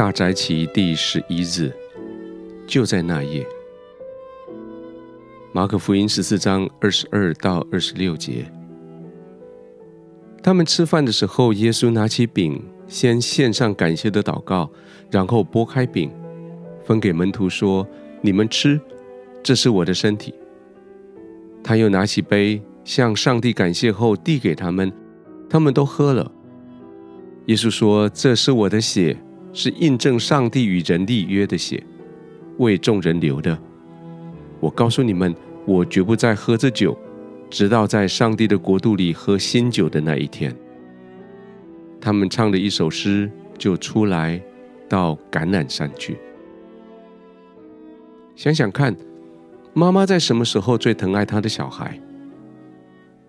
大齋期第十一日，就在那夜，馬可福音十四章二十二到二十六節，他們吃飯的時候，耶穌拿起餅，先獻上感謝的禱告，然後擘開餅，分給門徒說：“你們吃，這是我的身體。”他又拿起杯，向上帝感謝後遞給他們，他們都喝了。耶穌說：“這是我的血。”是印證上帝與人立約的血，為眾人流的。我告訴你們，我絕不再喝這酒，直到在上帝的國度裡喝新酒的那一天。他們唱了一首詩，就出來到橄欖山去。想想看，媽媽在什麼時候最疼愛她的小孩？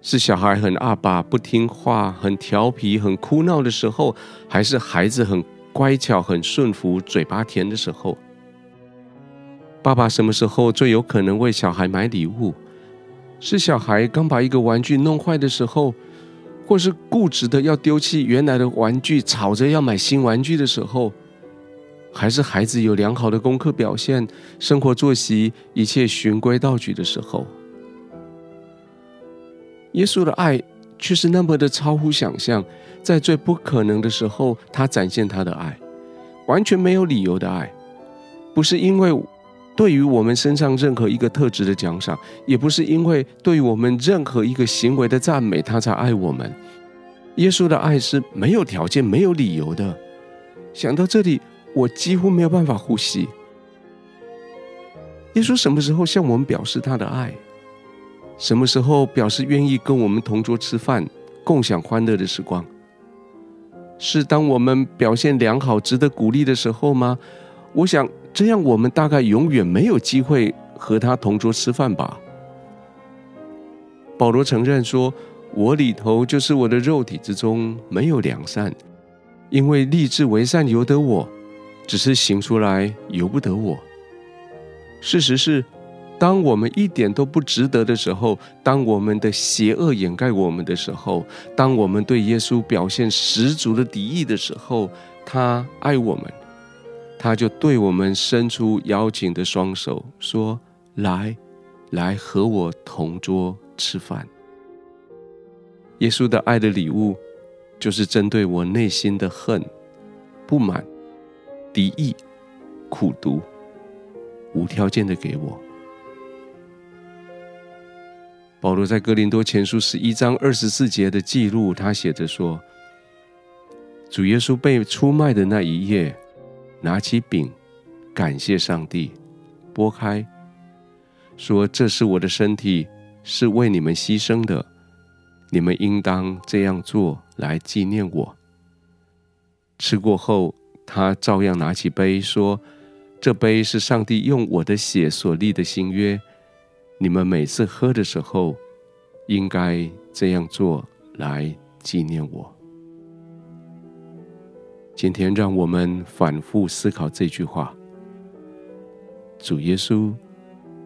是小孩很阿爸不聽話、很調皮、很哭鬧的時候，還是孩子很……乖巧、很順服、嘴巴甜的時候，爸爸什麼時候最有可能為小孩買禮物？是小孩剛把一個玩具弄壞的時候，或是固執的要丟棄原來的玩具，吵着要買新玩具的時候，還是孩子有良好的功課表現、生活作息一切循規蹈矩的時候？耶穌的愛，卻是那麼的超乎想象，在最不可能的時候，他展現他的愛，完全沒有理由的愛，不是因為對於我們身上任何一個特質的獎賞，也不是因為對於我們任何一個行為的讚美，他才愛我們。耶穌的愛是沒有條件、沒有理由的。想到這裡，我幾乎沒有辦法呼吸。耶穌什麼時候向我們表示他的愛？什麼時候表示願意跟我們同桌吃飯，共享歡樂的時光？是當我們表現良好、值得鼓勵的時候嗎？我想這樣，我們大概永遠沒有機會和他同桌吃飯吧。保羅承認說：“我裡頭就是我的肉體之中沒有良善，因為立志為善由得我，只是行出來由不得我。”事實是，當我們一點都不值得的時候，當我們的邪惡掩蓋我們的時候，當我們對耶穌表現十足的敵意的時候，他愛我們，他就對我們伸出邀請的雙手，說：“來，來和我同桌吃飯。”耶穌的愛的禮物，就是針對我內心的恨、不滿、敵意、苦毒，無條件的給我。保羅在哥林多前書十一章二十四節的記錄，他寫着說：“主耶穌被出賣的那一夜，拿起餅，感謝上帝，擘開，說這是我的身體，是為你們犧牲的，你們應當這樣做來紀念我。吃過後，他照樣拿起杯，說，這杯是上帝用我的血所立的新約。”你們每次喝的時候，應該這樣做來紀念我。今天，讓我們反覆思考這句話：主耶穌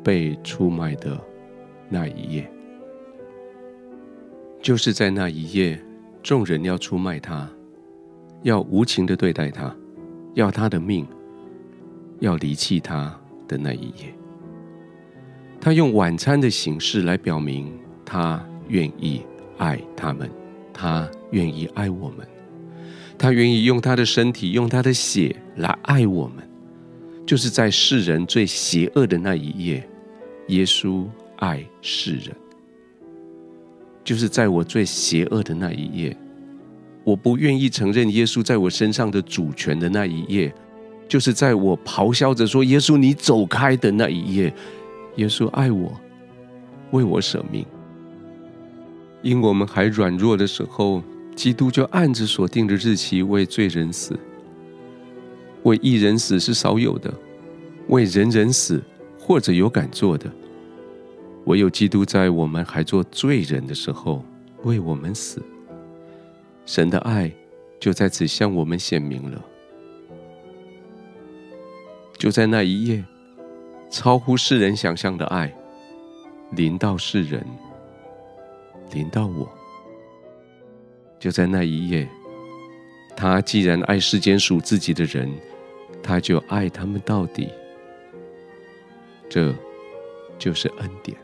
被出賣的那一夜，就是在那一夜，眾人要出賣他，要無情的對待他，要他的命，要離棄他的那一夜。他用晚餐的形式來表明，他願意愛他們，他願意愛我們，他願意用他的身體，用他的血來愛我們。就是在世人最邪惡的那一夜，耶穌愛世人；就是在我最邪惡的那一夜，我不願意承認耶穌在我身上的主權的那一夜，就是在我咆哮着說“耶穌，你走開”的那一夜。耶穌愛我，為我捨命。因我們還軟弱的時候，基督就按所定的日期為罪人死。為義人死是少有的，為仁人死或者有敢做的。唯有基督在我們還作罪人的時候為我們死。神的愛就在此向我們顯明了。就在那一夜。超乎世人想象的愛，臨到世人，臨到我。就在那一夜，他既然愛世間屬自己的人，他就愛他們到底。這就是恩典。